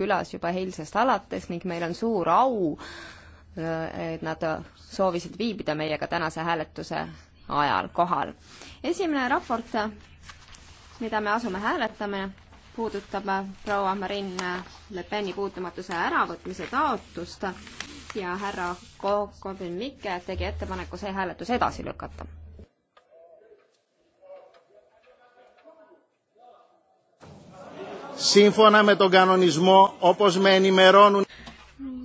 külas juba eilsest alates ning meil on suur au, äh, et nad soovisid viibida meiega tänase hääletuse ajal kohal. esimene raport, mida me asume hääletama, puudutab proua Marine Le Peni puutumatuse äravõtmise taotlust ja härra Kobin Mikke tegi ettepaneku see hääletus edasi lükata σύμφωνα με τον κανονισμό όπως με ενημερώνουν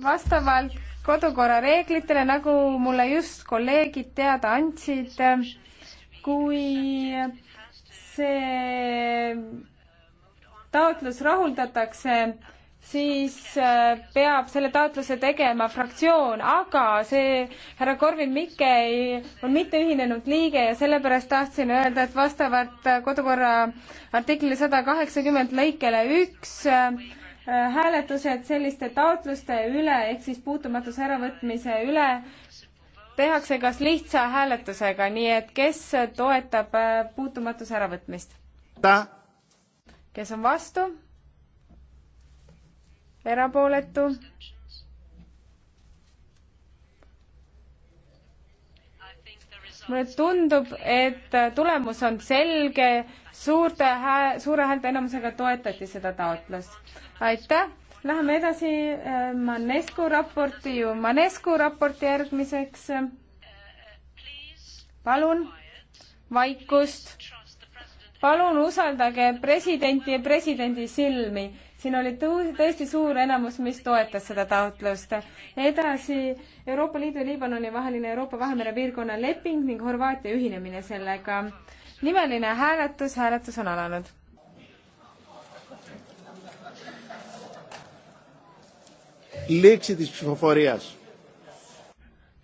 Vastavalt kodukorra reeglitele, nagu mulle just kolleegid teada andsid, kui see taotlus rahuldatakse, siis äh, peab selle taotluse tegema fraktsioon, aga see härra Korvin Mikke ei, on mitteühinenud liige ja sellepärast tahtsin öelda, et vastavalt äh, kodukorra artiklile sada kaheksakümmend lõikele üks äh, hääletused selliste taotluste üle ehk siis puutumatuse äravõtmise üle tehakse kas lihtsa hääletusega, nii et kes toetab puutumatuse äravõtmist? kes on vastu? erapooletu. mulle tundub, et tulemus on selge, suurte hää-, suure häälteenamusega toetati seda taotlust. aitäh, läheme edasi äh, Manescu raporti ju, Manescu raporti järgmiseks. palun vaikust. palun usaldage presidenti ja presidendi silmi siin oli tõesti suur enamus, mis toetas seda taotlust. edasi Euroopa Liidu ja Liibanoni vaheline Euroopa Vahemere piirkonna leping ning Horvaatia ühinemine sellega. nimeline hääletus, hääletus on alanud.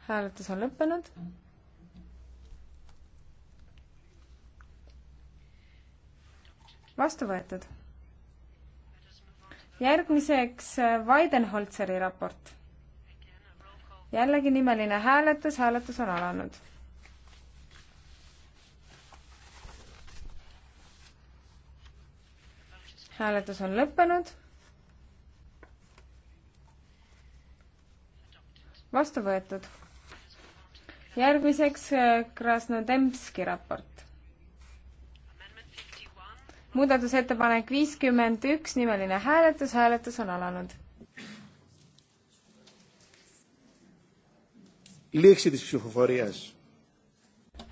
hääletus on lõppenud. vastu võetud järgmiseks äh, Weidenholzeri raport. jällegi nimeline hääletus, hääletus on alanud. hääletus on lõppenud. vastu võetud. järgmiseks äh, Krasnodemski raport muudatusettepanek viiskümmend üks, nimeline hääletus, hääletus on alanud.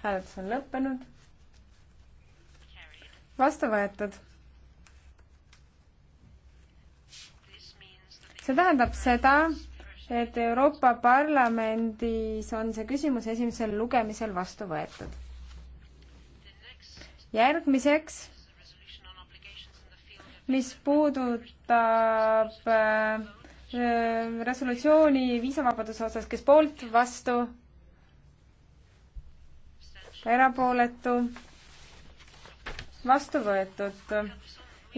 hääletus on lõppenud. vastu võetud. see tähendab seda, et Euroopa Parlamendis on see küsimus esimesel lugemisel vastu võetud. järgmiseks mis puudutab äh, resolutsiooni viisavabaduse osas, kes poolt, vastu, erapooletu, vastu võetud.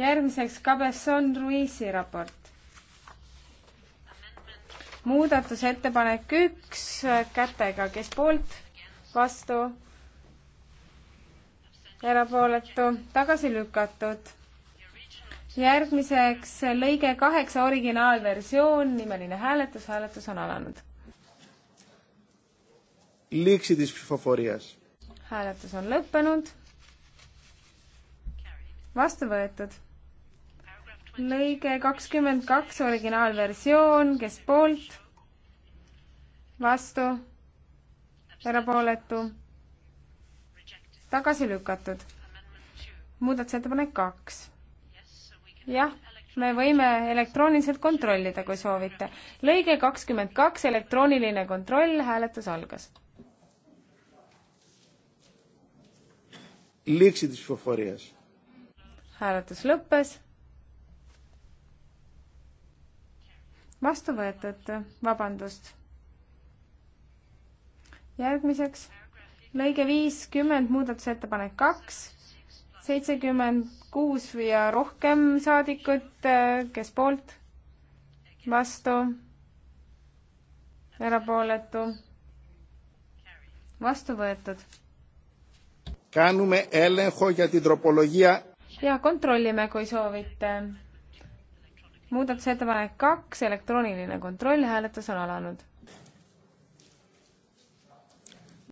järgmiseks Cabezon Ruizi raport. muudatusettepanek üks kätega, kes poolt, vastu, erapooletu, tagasi lükatud järgmiseks lõige kaheksa originaalversioon, nimeline hääletus, hääletus on alanud. hääletus on lõppenud. vastu võetud. lõige kakskümmend kaks originaalversioon, kes poolt? vastu? erapooletu? tagasi lükatud. muudatusettepanek kaks jah, me võime elektrooniliselt kontrollida, kui soovite. lõige kakskümmend kaks, elektrooniline kontroll, hääletus algas. hääletus lõppes. vastu võetud, vabandust. järgmiseks lõige viiskümmend, muudatusettepanek kaks seitsekümmend kuus ja rohkem saadikut, kes poolt, vastu, erapooletu, vastu võetud. ja kontrollime, kui soovite. muudatusettepanek kaks, elektrooniline kontroll, hääletus on alanud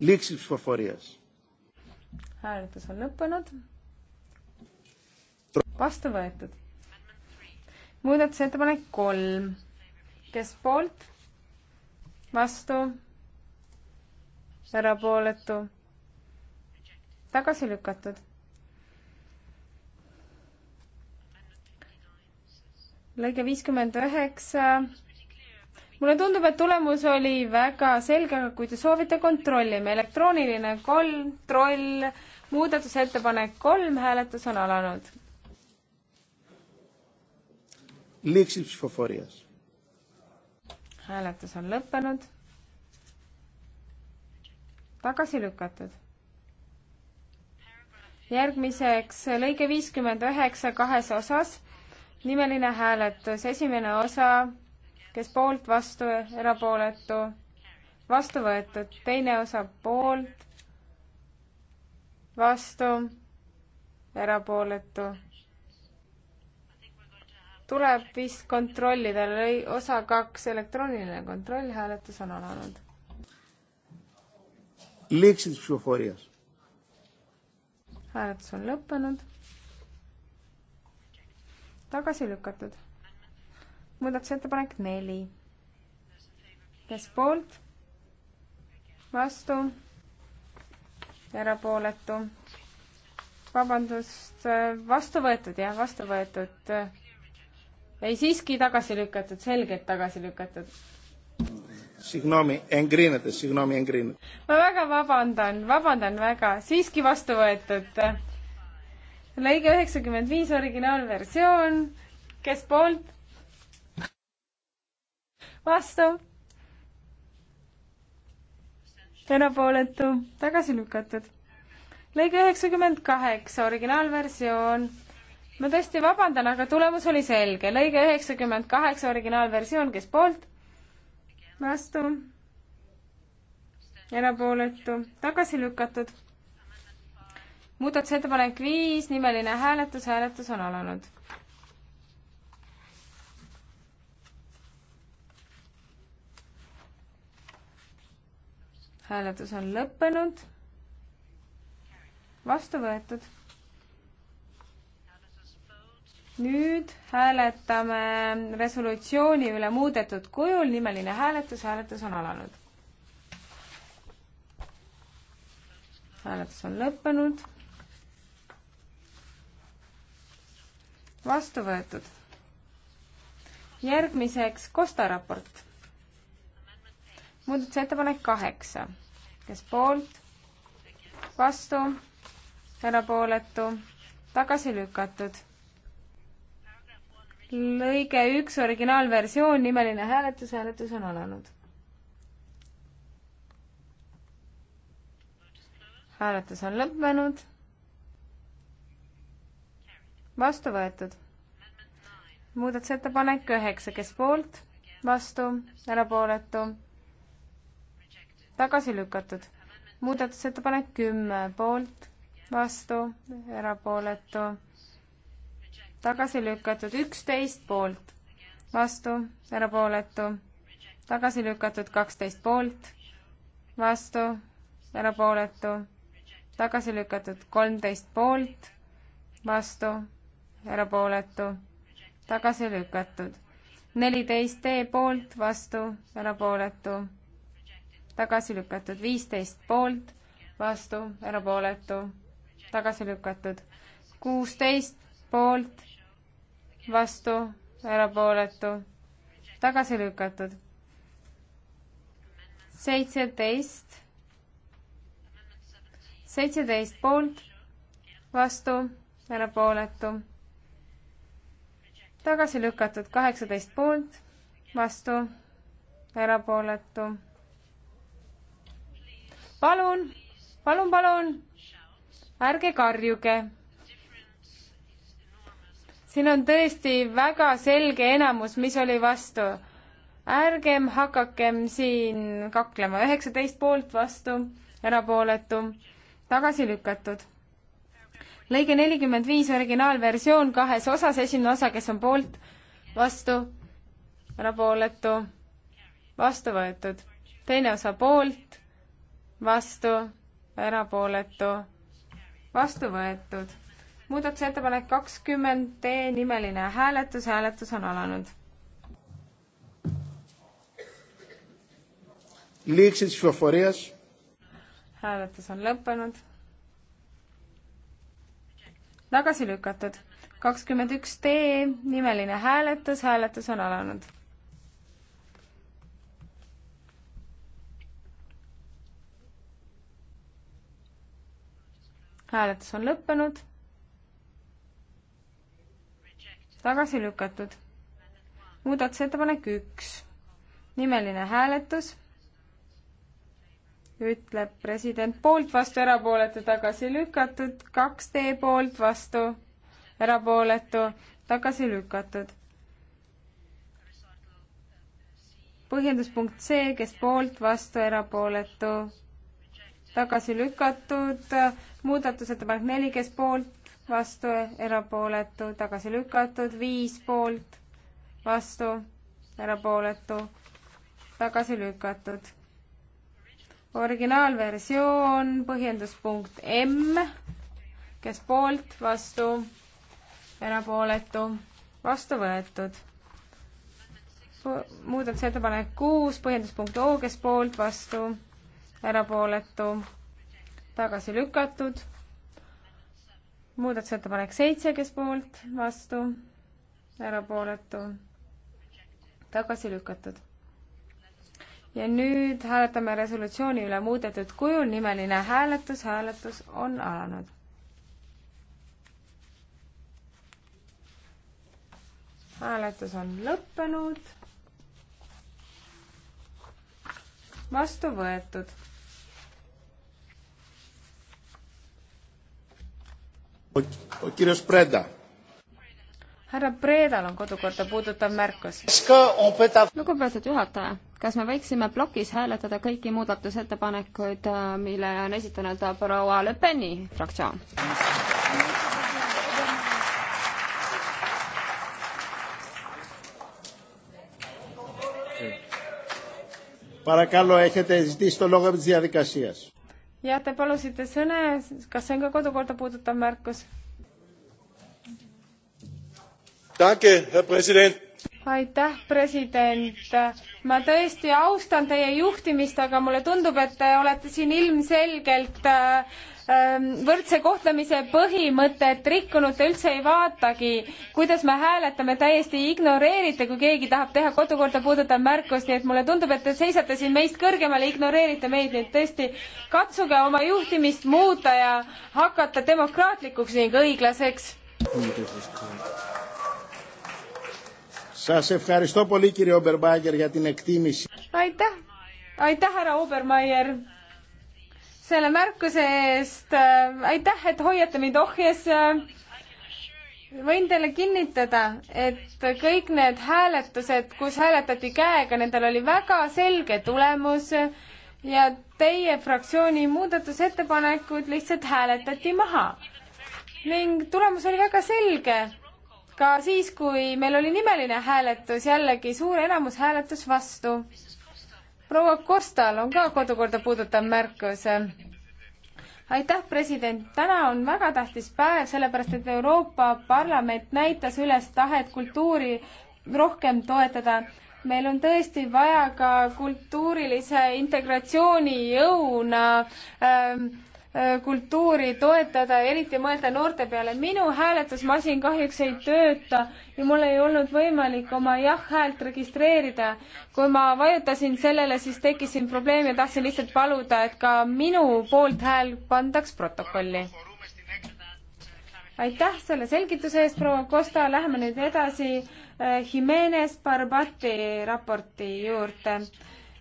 λήξη ψηφοφορίας. Hääletus on lõppenud vastu võetud. muudatusettepanek kolm, kes poolt, vastu, erapooletu, tagasi lükatud. lõige viiskümmend üheksa mulle tundub, et tulemus oli väga selge, aga kui te soovite, kontrollime. elektrooniline kontroll, muudatusettepanek kolm, hääletus on alanud λήξη ψηφοφορίας. Hääletus on lõppenud. Tagasi lükatud. Järgmiseks lõige 59 kahes osas. Nimeline hääletus. Esimene osa, kes poolt vastu, erapooletu, vastu võetud. Teine osa poolt, vastu, erapooletu, tuleb vist kontrollida, osa kaks, elektrooniline kontroll, hääletus on alanud. hääletus on lõppenud. tagasi lükatud. muudatusettepanek neli. kes poolt? vastu? erapooletu? vabandust, vastu võetud jah, vastu võetud ei, siiski tagasi lükatud, selgelt tagasi lükatud. Signomi, engrinete, signomi, engrinete. ma väga vabandan, vabandan väga, siiski vastu võetud. lõige üheksakümmend viis originaalversioon, kes poolt? vastu. erapooletu, tagasi lükatud. lõige üheksakümmend kaheksa, originaalversioon ma tõesti vabandan, aga tulemus oli selge. lõige üheksakümmend kaheksa originaalversioon, kes poolt? vastu? erapooletu? tagasi lükatud? muudatusettepanek viis, nimeline hääletus, hääletus on alanud. hääletus on lõppenud. vastu võetud nüüd hääletame resolutsiooni üle muudetud kujul, nimeline hääletus, hääletus on alanud. hääletus on lõppenud. vastu võetud. järgmiseks Kosta raport. muudatusettepanek kaheksa, kes poolt, vastu, erapooletu, tagasi lükatud lõige üks originaalversioon, nimeline hääletus, hääletus on alanud. hääletus on lõppenud. vastu võetud. muudatusettepanek üheksa, kes poolt, vastu, erapooletu, tagasi lükatud. muudatusettepanek kümme, poolt, vastu, erapooletu tagasi lükatud üksteist poolt, vastu, erapooletu, tagasi lükatud kaksteist poolt, vastu, erapooletu, tagasi lükatud kolmteist poolt, vastu, erapooletu, tagasi lükatud neliteist D e poolt, vastu, erapooletu, tagasi lükatud, viisteist poolt, vastu, erapooletu, tagasi lükatud, kuusteist poolt, vastu, erapooletu, tagasi lükatud. seitseteist, seitseteist poolt, vastu, erapooletu, tagasi lükatud, kaheksateist poolt, vastu, erapooletu. palun, palun, palun, ärge karjuge siin on tõesti väga selge enamus, mis oli vastu. ärgem hakakem siin kaklema, üheksateist poolt vastu, erapooletu, tagasi lükatud. lõige nelikümmend viis, originaalversioon kahes osas, esimene osa, kes on poolt, vastu, erapooletu, vastu võetud. teine osa poolt, vastu, erapooletu, vastu võetud muudatusettepanek kakskümmend D nimeline hääletus, hääletus on alanud. hääletus on lõppenud. tagasi lükatud. kakskümmend üks D nimeline hääletus, hääletus on alanud. hääletus on lõppenud tagasi lükatud. muudatusettepanek üks, nimeline hääletus, ütleb president poolt, vastu, erapooletu, tagasi lükatud, kaks D poolt, vastu, erapooletu, tagasi lükatud. põhjenduspunkt C, kes poolt, vastu, erapooletu, tagasi lükatud, muudatusettepanek neli, kes poolt, vastu, erapooletu, tagasi lükatud, viis poolt, vastu, erapooletu, tagasi lükatud. originaalversioon, põhjenduspunkt M, kes poolt, vastu, erapooletu, vastu võetud muudatusettepanek kuus, põhjenduspunkt O, kes poolt, vastu, erapooletu, tagasi lükatud muudatusettepanek seitse, kes poolt, vastu, erapooletu, tagasi lükatud. ja nüüd hääletame resolutsiooni üle muudetud kujul, nimeline hääletus, hääletus on alanud hääletus on lõppenud. vastu võetud härra Predal on kodukorda puudutav märkus. lugupeetud juhataja, kas me võiksime plokis hääletada kõiki muudatusettepanekuid, äh, mille on esitanud proua Le Peni fraktsioon? Παρακαλώ, έχετε ζητήσει το λόγο επί της διαδικασίας jah, te palusite sõna, kas see on ka kodukorda puudutav märkus? aitäh, president. ma tõesti austan teie juhtimist, aga mulle tundub, et te olete siin ilmselgelt äh, Ehm, võrdse kohtlemise põhimõtet rikkunud, te üldse ei vaatagi, kuidas me hääletame, täiesti ignoreerite, kui keegi tahab teha kodukorda puudutav märkus, nii et mulle tundub, et te seisate siin meist kõrgemal ja ignoreerite meid, nii et tõesti katsuge oma juhtimist muuta ja hakata demokraatlikuks ning õiglaseks. aitäh, aitäh, härra Obermeier selle märkuse eest äh,. aitäh, et hoiate mind ohjes äh,. võin teile kinnitada, et kõik need hääletused, kus hääletati käega, nendel oli väga selge tulemus ja teie fraktsiooni muudatusettepanekud lihtsalt hääletati maha. ning tulemus oli väga selge. ka siis, kui meil oli nimeline hääletus, jällegi suur enamus hääletas vastu proua Kostal on ka kodukorda puudutav märkus. aitäh, president, täna on väga tähtis päev, sellepärast et Euroopa Parlament näitas üles tahet kultuuri rohkem toetada meil on tõesti vaja ka kultuurilise integratsiooni jõuna ähm, Äh, kultuuri toetada ja eriti mõelda noorte peale. minu hääletusmasin kahjuks ei tööta ja mul ei olnud võimalik oma jah-häält registreerida. kui ma vajutasin sellele, siis tekkis siin probleem ja tahtsin lihtsalt paluda, et ka minu poolthääl pandaks protokolli. aitäh selle selgituse eest, proua Kosta, läheme nüüd edasi äh, Jimenez Barbati raporti juurde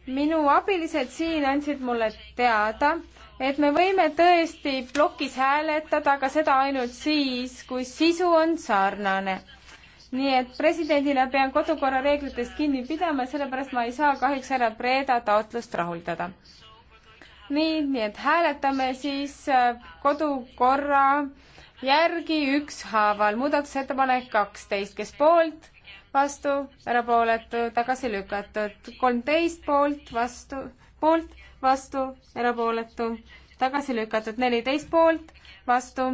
minu abilised siin andsid mulle teada, et me võime tõesti plokis hääletada, aga seda ainult siis, kui sisu on sarnane. nii et presidendina pean kodukorra reeglitest kinni pidama, sellepärast ma ei saa kahjuks härra Breda taotlust rahuldada. nii, nii et hääletame siis äh, kodukorra järgi ükshaaval, muudatusettepanek kaksteist, kes poolt, vastu, erapooletu, tagasi lükatud, kolmteist poolt, vastu, poolt vastu, erapooletu, tagasi lükatud neliteist poolt, vastu,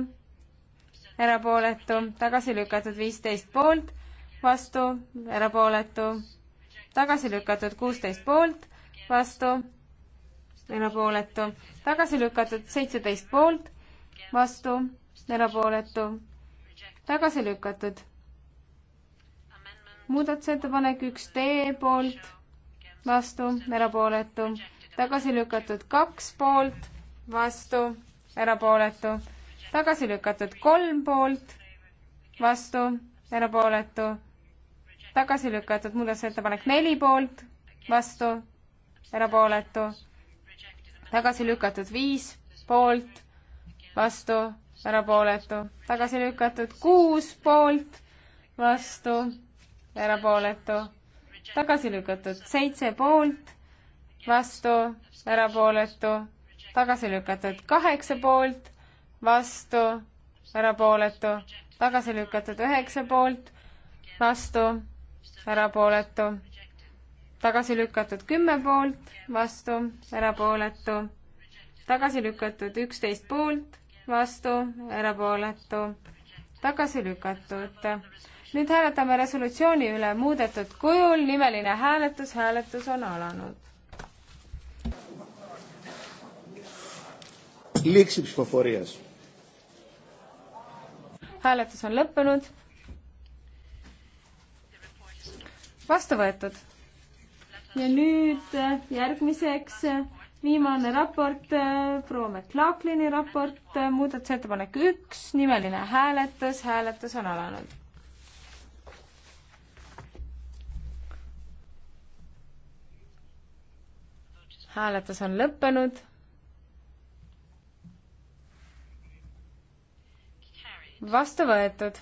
erapooletu, tagasi lükatud viisteist poolt, vastu, erapooletu, tagasi lükatud kuusteist poolt, vastu, erapooletu, tagasi lükatud seitseteist poolt, vastu, erapooletu, tagasi lükatud. muudatusettepanek üks D poolt, vastu, erapooletu tagasi lükatud kaks poolt, vastu, erapooletu, tagasi lükatud kolm poolt, vastu, erapooletu, tagasi lükatud muudatusettepanek neli poolt, vastu, erapooletu, tagasi lükatud viis poolt, vastu, erapooletu, tagasi lükatud kuus poolt, vastu, erapooletu, tagasi lükatud seitse poolt vastu, erapooletu, tagasi lükatud. kaheksa poolt, vastu, erapooletu, tagasi lükatud. üheksa poolt, vastu, erapooletu, tagasi lükatud. kümme poolt, vastu, erapooletu, tagasi lükatud. üksteist poolt, vastu, erapooletu, tagasi lükatud nüüd hääletame resolutsiooni üle muudetud kujul, nimeline hääletus, hääletus on alanud. λήξη ψηφοφορίας. Hääletus on lõppenud. Vastu võetud. Ja nüüd äh, järgmiseks äh, viimane raport, äh, proua McLaughlini raport, muudatusettepanek üks, nimeline hääletus, hääletus on alanud. hääletus on lõppenud vastu võetud.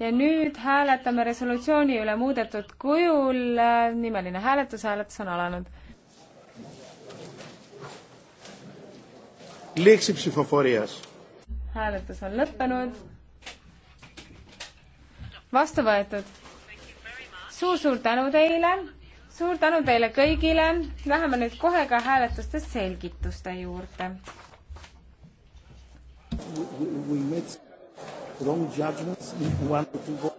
ja nüüd hääletame resolutsiooni üle muudetud kujul. nimeline hääletus, hääletus on alanud. hääletus on lõppenud. vastu võetud suur,. suur-suur tänu teile suur tänu teile kõigile, läheme nüüd kohe ka hääletuste selgituste juurde wrong judgments in one or two votes.